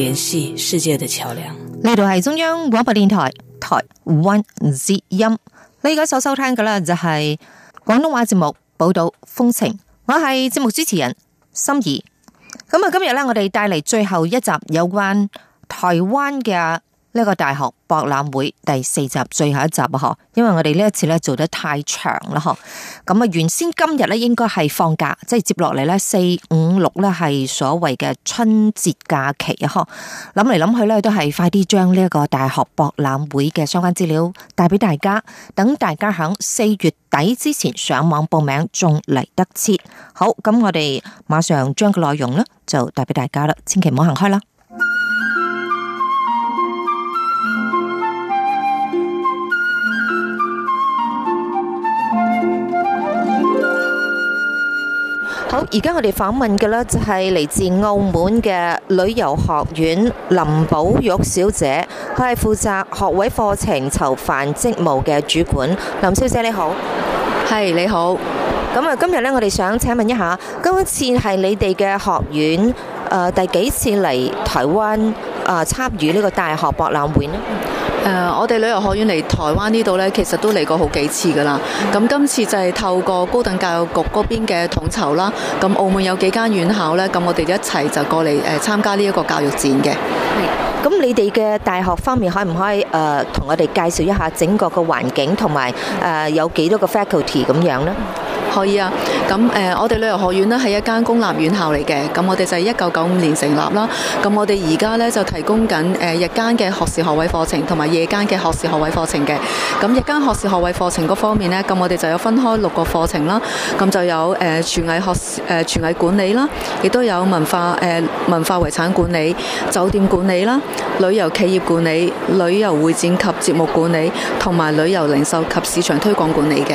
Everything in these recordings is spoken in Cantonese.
聯繫世界的橋樑。呢度係中央廣播電台台灣之音。你而家所收聽嘅啦就係廣東話節目《寶島風情》，我是，我係節目主持人心儀。咁啊，今日咧，我哋帶嚟最後一集有關台灣嘅。呢個大學博覽會第四集最後一集啊！嗬，因為我哋呢一次咧做得太長啦，嗬。咁啊，原先今日咧應該係放假，即係接落嚟咧四五六咧係所謂嘅春節假期啊！嗬，諗嚟諗去咧都係快啲將呢一個大學博覽會嘅相關資料帶俾大家，等大家喺四月底之前上網報名仲嚟得切。好，咁我哋馬上將個內容咧就帶俾大家啦，千祈唔好行開啦。好，而家我哋訪問嘅呢就係嚟自澳門嘅旅遊學院林寶玉小姐，佢係負責學位課程籌辦職務嘅主管。林小姐你好，係你好。咁啊，今日呢，我哋想請問一下，今次係你哋嘅學院誒第幾次嚟台灣誒參與呢個大學博覽會呢？誒、呃，我哋旅遊學院嚟台灣呢度呢，其實都嚟過好幾次噶啦。咁今次就係透過高等教育局嗰邊嘅統籌啦。咁澳門有幾間院校呢，咁我哋一齊就過嚟誒、呃、參加呢一個教育展嘅。係、嗯。咁你哋嘅大學方面，可唔可以誒同、呃、我哋介紹一下整個嘅環境同埋誒有幾多個 faculty 咁樣呢？可以啊，咁誒、呃，我哋旅遊學院呢係一間公立院校嚟嘅，咁我哋就係一九九五年成立啦。咁我哋而家呢，就提供緊誒、呃、日間嘅學士學位課程，同埋夜間嘅學士學位課程嘅。咁日間學士學位課程嗰方面呢，咁我哋就有分開六個課程啦。咁就有誒廚、呃、藝學誒廚藝、呃、管理啦，亦都有文化誒、呃、文化遺產管理、酒店管理啦、旅遊企業管理、旅遊會展及節目管理，同埋旅遊零售及市場推廣管理嘅。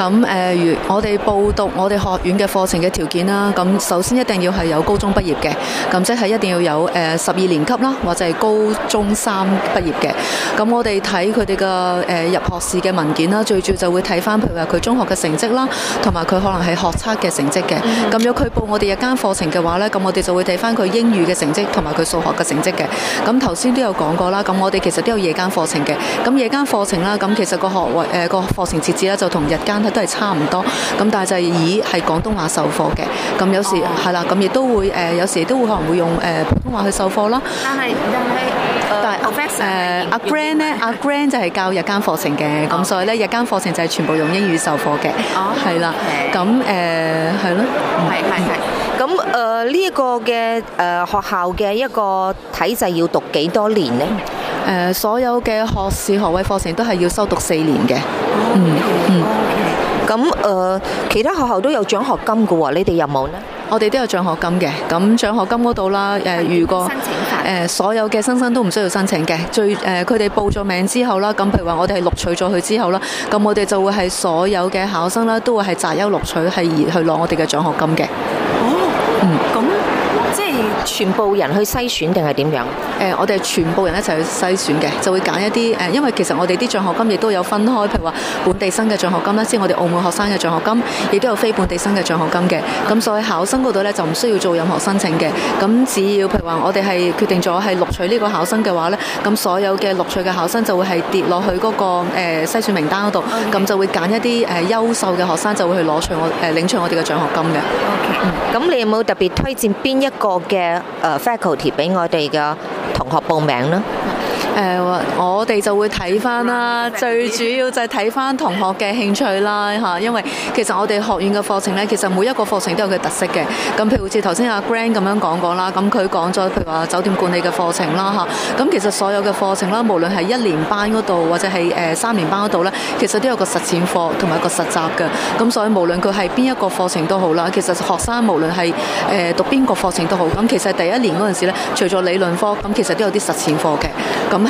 咁誒，如、呃、我哋報讀我哋學院嘅課程嘅條件啦，咁首先一定要係有高中畢業嘅，咁即係一定要有誒十二年級啦，或者係高中三畢業嘅。咁我哋睇佢哋嘅誒入學試嘅文件啦，最主要就會睇翻，譬如話佢中學嘅成績啦，同埋佢可能係學測嘅成績嘅。咁如果佢報我哋日間課程嘅話咧，咁我哋就會睇翻佢英語嘅成績同埋佢數學嘅成績嘅。咁頭先都有講過啦，咁我哋其實都有夜間課程嘅。咁夜間課程啦，咁其實個學位誒個課程設置咧就同日間。都係差唔多，咁但係就係以係廣東話授課嘅，咁有時係啦，咁、哦、亦都會誒、呃，有時都會可能會用誒、呃、普通話去授課咯。但係、就是呃、但係誒阿 grand 咧，阿、啊啊啊啊、grand、啊、Gran 就係教日間課程嘅，咁、哦、所以咧日間課程就係全部用英語授課嘅，係、哦、啦，咁誒係咯，係係係，咁誒呢一個嘅誒、呃、學校嘅一個體制要讀幾多年呢？誒、呃，所有嘅學士學位課程都係要修讀四年嘅、哦，嗯嗯。嗯咁誒、呃，其他學校都有獎學金㗎喎，你哋有冇呢？我哋都有獎學金嘅。咁獎學金嗰度啦，誒、呃、如果誒、呃、所有嘅新生都唔需要申請嘅，最誒佢哋報咗名之後啦，咁譬如話我哋係錄取咗佢之後啦，咁我哋就會係所有嘅考生啦，都會係擇優錄取係而去攞我哋嘅獎學金嘅。全部人去篩選定係點樣？誒、呃，我哋全部人一齊去篩選嘅，就會揀一啲誒、呃，因為其實我哋啲獎學金亦都有分開，譬如話本地生嘅獎學金啦，即係我哋澳門學生嘅獎學金，亦都有非本地生嘅獎學金嘅。咁、嗯、所以考生嗰度咧就唔需要做任何申請嘅。咁只要譬如話我哋係決定咗係錄取呢個考生嘅話咧，咁所有嘅錄取嘅考生就會係跌落去嗰、那個誒篩、呃、選名單嗰度，咁、okay. 就會揀一啲誒優秀嘅學生就會去攞取我誒領取我哋嘅獎學金嘅。O、okay. K、嗯。咁你有冇特別推薦邊一個？嘅誒 faculty 俾我哋嘅同學報名啦。誒、呃，我哋就會睇翻啦、嗯嗯，最主要就係睇翻同學嘅興趣啦，嚇， 因為其實我哋學院嘅課程呢，其實每一個課程都有佢特色嘅。咁、啊、譬如好似頭先阿 Grant 咁樣講講啦，咁佢講咗譬如話酒店管理嘅課程啦，嚇。咁其實所有嘅課程啦，無論係一年班嗰度或者係誒、呃、三年班嗰度呢，其實都有個實踐課同埋一個實習嘅。咁所以無論佢係邊一個課程都好啦，其實學生無論係誒讀邊個課程都好，咁其實第一年嗰陣時呢，除咗理論科，咁其實都有啲實踐課嘅。咁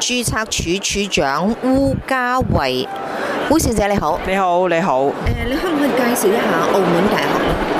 註冊處處長鄔家慧，鄔小姐你好，你好你好，誒，你可唔可以介紹一下澳門大學？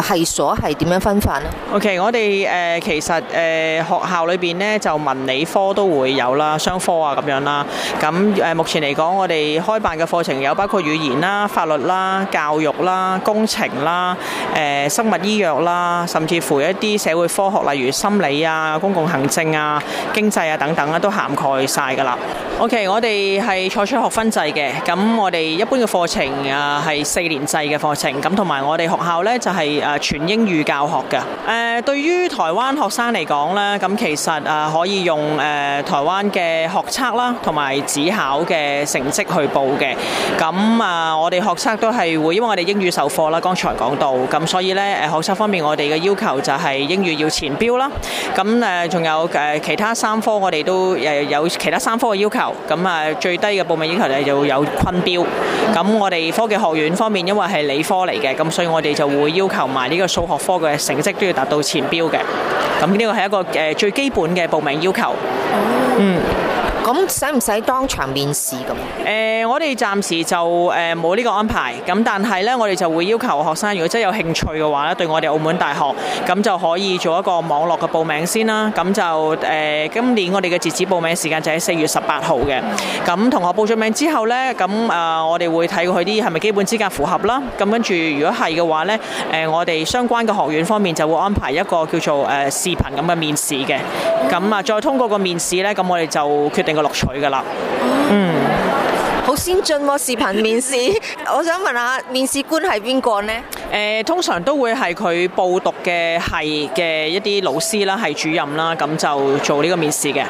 誒，系所係點樣分法咧？OK，我哋誒，其實誒，學校裏邊咧就文理科都會有啦，商科啊咁樣啦。咁誒，目前嚟講，我哋開辦嘅課程有包括語言啦、法律啦、教育啦、工程啦、誒，生物醫藥啦，甚至乎一啲社會科學，例如心理啊、公共行政啊、經濟啊等等啦，都涵蓋晒噶啦。OK，我哋係採取學分制嘅，咁我哋一般嘅課程啊係四年制嘅課程，咁同埋我哋學校咧就。係誒全英語教學嘅誒、呃，對於台灣學生嚟講呢，咁其實誒可以用誒、呃、台灣嘅學測啦，同埋指考嘅成績去報嘅。咁啊、呃，我哋學測都係會，因為我哋英語授課啦，剛才講到，咁所以呢，誒學測方面，我哋嘅要求就係英語要前標啦。咁誒，仲有誒其他三科，我哋都誒有其他三科嘅要求。咁啊，最低嘅報名要求就係有均標。咁我哋科技學院方面，因為係理科嚟嘅，咁所以我哋就會要。要求埋呢個數學科嘅成績都要達到前標嘅，咁呢個係一個誒、呃、最基本嘅報名要求。嗯。咁使唔使當場面試咁？誒，我哋暫時就誒冇呢個安排。咁但係咧，我哋就會要求學生，如果真係有興趣嘅話咧，對我哋澳門大學咁就可以做一個網絡嘅報名先啦。咁就誒，今年我哋嘅截止報名時間就喺四月十八號嘅。咁同學報咗名之後咧，咁啊，我哋會睇過佢啲係咪基本資格符合啦。咁跟住如果係嘅話咧，誒，我哋相關嘅學院方面就會安排一個叫做誒視頻咁嘅面試嘅。咁啊，再通過個面試咧，咁我哋就決定。個錄取噶啦，嗯，好先進喎，視頻面試。我想問下面試官係邊個呢？誒，通常都會係佢報讀嘅係嘅一啲老師啦，係主任啦，咁就做呢個面試嘅。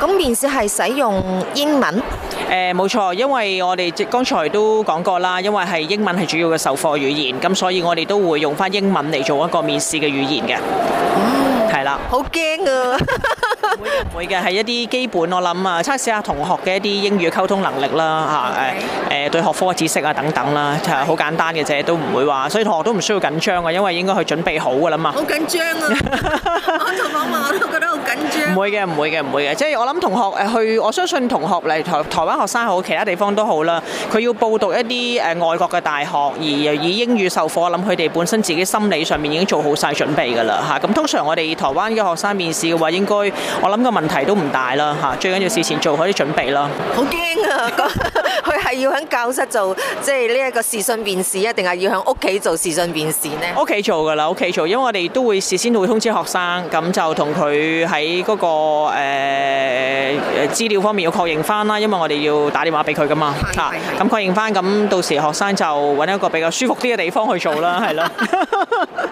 咁面試係使用英文？誒，冇錯，因為我哋剛才都講過啦，因為係英文係主要嘅授課語言，咁所以我哋都會用翻英文嚟做一個面試嘅語言嘅。係啦，好驚啊！會嘅係一啲基本，我諗啊，測試下同學嘅一啲英語溝通能力啦，吓誒誒，對學科知識啊等等啦，就係好簡單嘅啫，都唔會話，所以同學都唔需要緊張啊，因為應該去準備好噶啦嘛。好緊張啊！我同我媽我都覺得。唔會嘅，唔會嘅，唔會嘅。即係我諗同學誒，去我相信同學嚟台台灣學生好，其他地方都好啦。佢要報讀一啲誒外國嘅大學，而又以英語授課，我諗佢哋本身自己心理上面已經做好晒準備噶啦吓。咁通常我哋台灣嘅學生面試嘅話，應該我諗個問題都唔大啦吓。最緊要事前做好啲準備啦。好驚啊！ 佢係要喺教室做，即係呢一個視訊面試，定係要喺屋企做視訊面試呢？屋企做噶啦，屋企做，因為我哋都會事先會通知學生，咁就同佢喺嗰個誒、呃、資料方面要確認翻啦，因為我哋要打電話俾佢噶嘛，嚇、啊。咁確認翻，咁到時學生就揾一個比較舒服啲嘅地方去做啦，係 咯對了。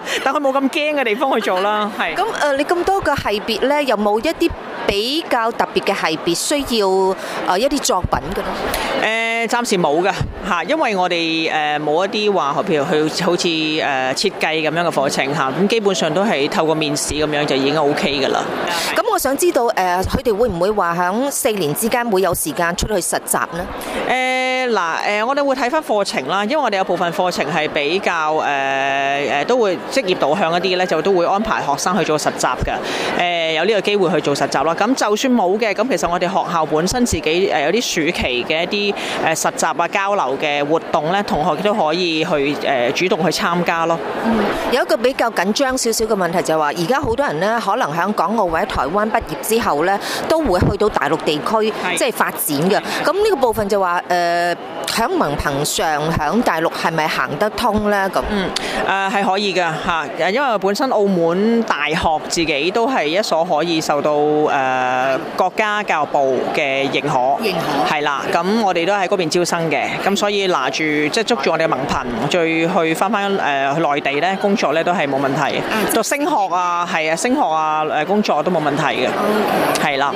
但佢冇咁驚嘅地方去做啦，係。咁誒、呃，你咁多個系別咧，有冇一啲比較特別嘅系別需要誒一啲作品嘅咧？誒、呃，暫時冇噶吓，因為我哋誒冇一啲話，譬如去好似誒設計咁樣嘅課程吓，咁基本上都係透過面試咁樣就已經 OK 噶啦。咁、okay。我想知道誒，佢、呃、哋會唔會話響四年之間會有時間出去實習呢？誒、呃。嗱，誒、呃，我哋會睇返課程啦，因為我哋有部分課程係比較誒誒、呃，都會職業導向一啲咧，就都會安排學生去做實習嘅。誒、呃，有呢個機會去做實習啦。咁就算冇嘅，咁其實我哋學校本身自己誒有啲暑期嘅一啲誒實習啊交流嘅活動咧，同學都可以去誒、呃、主動去參加咯、嗯。有一個比較緊張少少嘅問題就係話，而家好多人呢，可能喺港澳或者台灣畢業之後咧，都會去到大陸地區即係發展嘅。咁呢個部分就話誒。呃喺文憑上，喺大陸係咪行得通咧？咁嗯，誒係可以嘅吓，因為本身澳門大學自己都係一所可以受到誒國家教育部嘅認可，認可係啦。咁我哋都喺嗰邊招生嘅，咁所以拿住即係捉住我哋嘅文憑，再去翻翻誒內地咧工作咧都係冇問題嘅。嗯，讀升學啊，係啊，升學啊，誒工作都冇問題嘅。O K，係啦。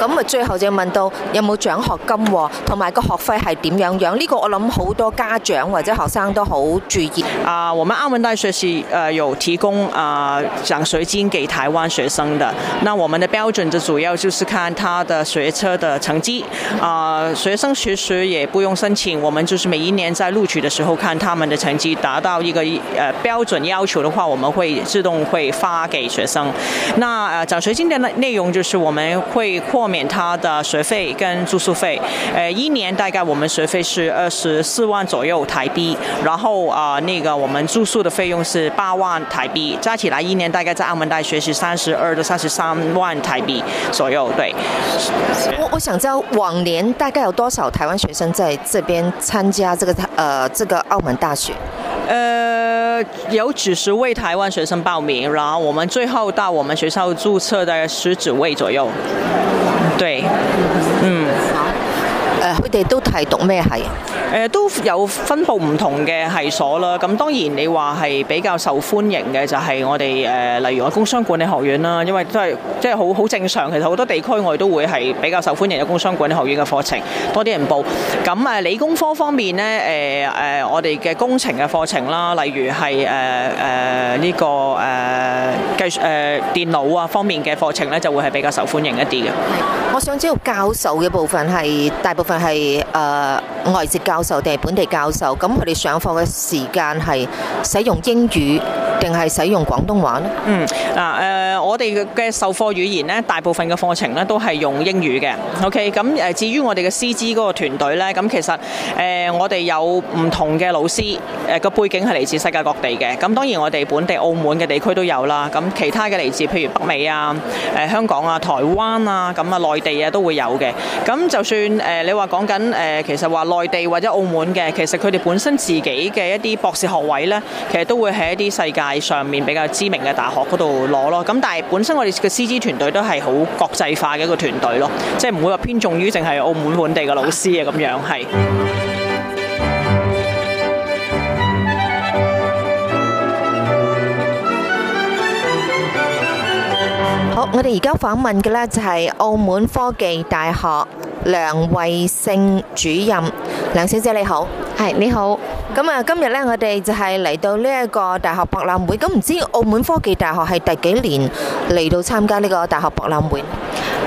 咁啊，最後就問到有冇獎學金，同埋個學費係？係點樣樣？呢、這個我諗好多家長或者學生都好注意。啊、uh，我們澳門大學是、呃、有提供啊獎學金給台灣學生的。那我們的標準的主要就是看他的學車的成績。啊、呃，學生其實也不用申請，我們就是每一年在錄取的時候看他們的成績達到一個呃標準要求的話，我們會自動會發給學生。那呃、獎學金的內容就是我們會豁免他的學費跟住宿費。呃，一年大概我們。我們學費是二十四萬左右台幣，然後啊、呃，那個我們住宿的費用是八萬台幣，加起來一年大概在澳門大學是三十二到三十三萬台幣左右。對，我我想知道往年大概有多少台灣學生在這邊參加這個呃這個澳門大學？呃，有幾十位台灣學生報名，然後我們最後到我們學校註冊的十幾位左右。對。嗯我哋都睇讀咩系？誒、呃、都有分佈唔同嘅系所啦。咁當然你話係比較受歡迎嘅，就係我哋誒例如我工商管理學院啦，因為都係即係好好正常。其實好多地區我哋都會係比較受歡迎嘅工商管理學院嘅課程，多啲人報，咁誒、呃，理工科方面咧，誒、呃、誒、呃、我哋嘅工程嘅課程啦，例如係誒誒呢個誒計誒電腦啊方面嘅課程咧，就會係比較受歡迎一啲嘅。我想知道教授嘅部分係大部分係。誒、呃，外籍教授定係本地教授？咁佢哋上課嘅時間係使用英語，定係使用廣東話咧？嗯啊誒、呃，我哋嘅授課語言咧，大部分嘅課程咧都係用英語嘅。OK，咁、嗯、誒，至於我哋嘅師資嗰個團隊咧，咁其實誒、呃，我哋有唔同嘅老師誒，個、呃、背景係嚟自世界各地嘅。咁、嗯、當然我哋本地澳門嘅地區都有啦。咁、嗯、其他嘅嚟自譬如北美啊、誒、呃、香港啊、台灣啊，咁啊內地啊都會有嘅。咁、嗯、就算誒、呃、你話講緊誒，其實話內地或者澳門嘅，其實佢哋本身自己嘅一啲博士學位呢，其實都會係一啲世界。喺上面比較知名嘅大學嗰度攞咯，咁但係本身我哋嘅師資團隊都係好國際化嘅一個團隊咯，即係唔會話偏重於淨係澳門本地嘅老師嘅，咁樣係。好，我哋而家訪問嘅呢就係澳門科技大學梁惠勝主任，梁小姐你好，係你好。咁啊，今日咧，我哋就係嚟到呢一個大學博覽會。咁唔知澳門科技大學係第幾年嚟到參加呢個大學博覽會？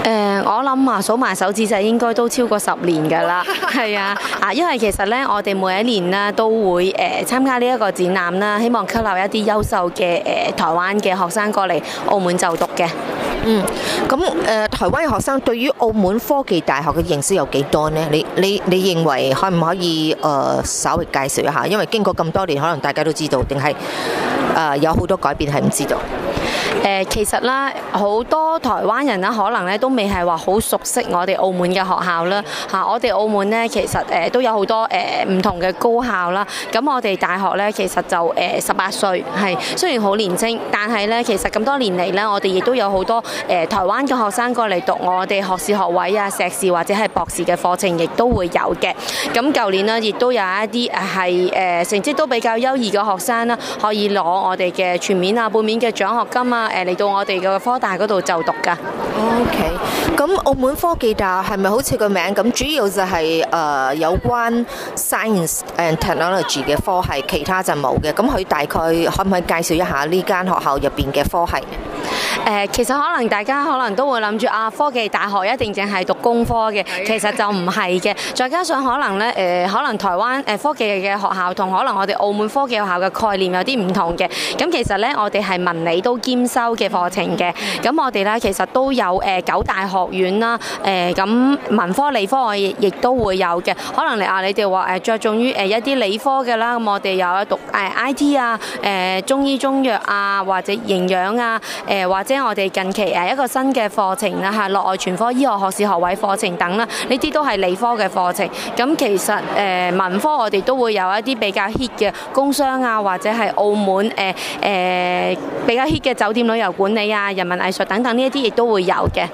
誒，我諗啊，數埋手指就應該都超過十年噶啦。係啊，啊，因為其實咧，我哋每一年咧都會誒參加呢一個展覽啦，希望吸納一啲優秀嘅誒台灣嘅學生過嚟澳門就讀嘅。嗯，咁誒、呃、台灣嘅學生對於澳門科技大學嘅認識有幾多咧？你你你認為可唔可以誒、呃、稍微介紹一下？因為經過咁多年，可能大家都知道，定係誒有好多改變，係唔知道。誒其實咧，好多台灣人咧，可能咧都未係話好熟悉我哋澳門嘅學校啦。嚇，我哋澳門咧，其實誒都有好多誒唔同嘅高校啦。咁我哋大學咧，其實就誒十八歲，係雖然好年青，但係咧，其實咁多年嚟咧，我哋亦都有好多誒台灣嘅學生過嚟讀我哋學士學位啊、碩士或者係博士嘅課程，亦都會有嘅。咁舊年咧，亦都有一啲係誒成績都比較優異嘅學生啦，可以攞我哋嘅全免啊、半免嘅獎學金啊。嚟到我哋嘅科大嗰度就讀噶。OK，咁澳門科技大係咪好似個名咁？主要就係、是、誒、呃、有關 science and technology 嘅科系，其他就冇嘅。咁佢大概可唔可以介紹一下呢間學校入邊嘅科系？誒，其實可能大家可能都會諗住啊，科技大學一定淨係讀工科嘅，其實就唔係嘅。再加上可能咧，誒，可能台灣誒科技嘅學校同可能我哋澳門科技學校嘅概念，有啲唔同嘅。咁其實咧，我哋係文理都兼收嘅課程嘅。咁我哋咧，其實都有誒九大學院啦，誒，咁文科理科我亦、亦都會有嘅。可能啊，你哋話誒，着重於誒一啲理科嘅啦，咁我哋又有讀誒 IT 啊，誒中醫中藥啊，或者營養啊，誒或即係我哋近期啊一個新嘅課程啦吓，內外全科醫學學士學位課程等啦，呢啲都係理科嘅課程。咁其實誒、呃、文科我哋都會有一啲比較 hit 嘅工商啊，或者係澳門誒誒、呃、比較 hit 嘅酒店旅遊管理啊、人民藝術等等呢啲亦都會有嘅。誒、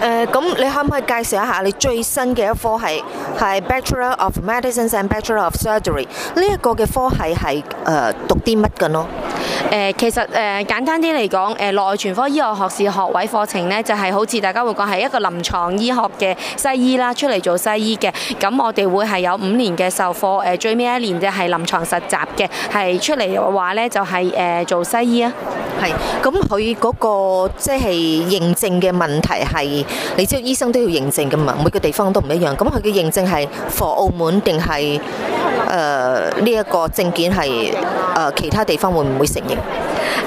呃，咁你可唔可以介紹一下你最新嘅一科系係 Bachelor of Medicine and Bachelor of Surgery 呢一個嘅科系係誒、呃、讀啲乜嘅咯？誒、呃，其實誒、呃，簡單啲嚟講，誒、呃，內外全科醫學學士學位課程呢，就係、是、好似大家會講係一個臨床醫學嘅西醫啦，出嚟做西醫嘅。咁我哋會係有五年嘅授課，誒、呃，最尾一年即係臨床實習嘅，係出嚟嘅話呢，就係、是、誒、呃、做西醫啊。係，咁佢嗰個即係、就是、認證嘅問題係，你知道醫生都要認證噶嘛？每個地方都唔一樣。咁佢嘅認證係 for 澳門定係？誒呢一個證件係誒、呃、其他地方會唔會承認？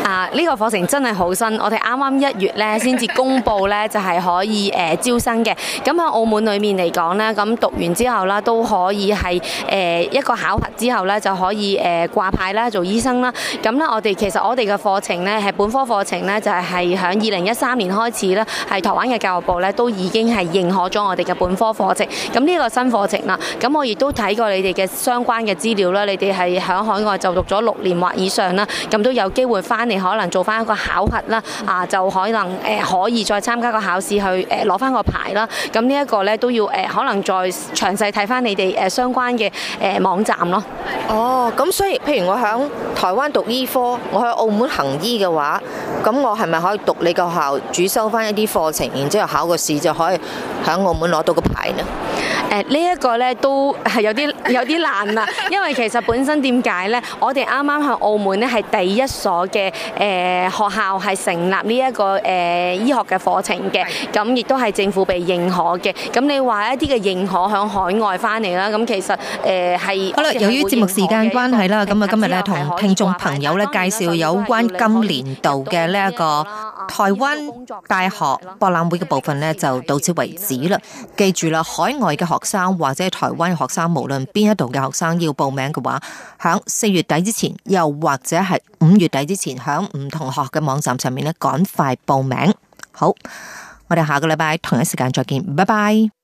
啊！呢、呢個課程真係好新，我哋啱啱一月咧先至公布咧，就係、是、可以誒、呃、招生嘅。咁喺澳門裏面嚟講呢，咁讀完之後呢，都可以係誒、呃、一個考核之後呢，就可以誒、呃、掛牌啦，做醫生啦。咁呢，我哋其實我哋嘅課程呢，係本科課程呢，就係喺二零一三年開始呢，係台灣嘅教育部呢，都已經係認可咗我哋嘅本科課程。咁呢個新課程啦，咁我亦都睇過你哋嘅相關嘅資料啦，你哋係喺海外就讀咗六年或以上啦，咁都有機會翻。翻嚟可能做翻一個考核啦，啊就可能誒可以再參加個考試去誒攞翻個牌啦。咁呢一個咧都要誒可能再詳細睇翻你哋誒相關嘅誒網站咯。哦，咁所以譬如我響台灣讀醫科，我去澳門行醫嘅話，咁我係咪可以讀你個校主修翻一啲課程，然之後考個試就可以響澳門攞到個牌呢？誒、這個、呢一個咧都係有啲有啲難啦，因為其實本身點解咧？我哋啱啱喺澳門呢，係第一所嘅誒、呃、學校係成立呢、這、一個誒、呃、醫學嘅課程嘅，咁亦都係政府被認可嘅。咁、嗯、你話一啲嘅認可向海外翻嚟、嗯呃、啦，咁其實誒係。好啦，由於節目時間關係啦，咁啊今日咧同聽眾朋友咧介紹有關今年度嘅呢一個。台灣大學博覽會嘅部分咧就到此為止啦。記住啦，海外嘅學生或者台灣嘅學生，無論邊一度嘅學生要報名嘅話，喺四月底之前，又或者係五月底之前，喺唔同學嘅網站上面咧，趕快報名。好，我哋下個禮拜同一時間再見，拜拜。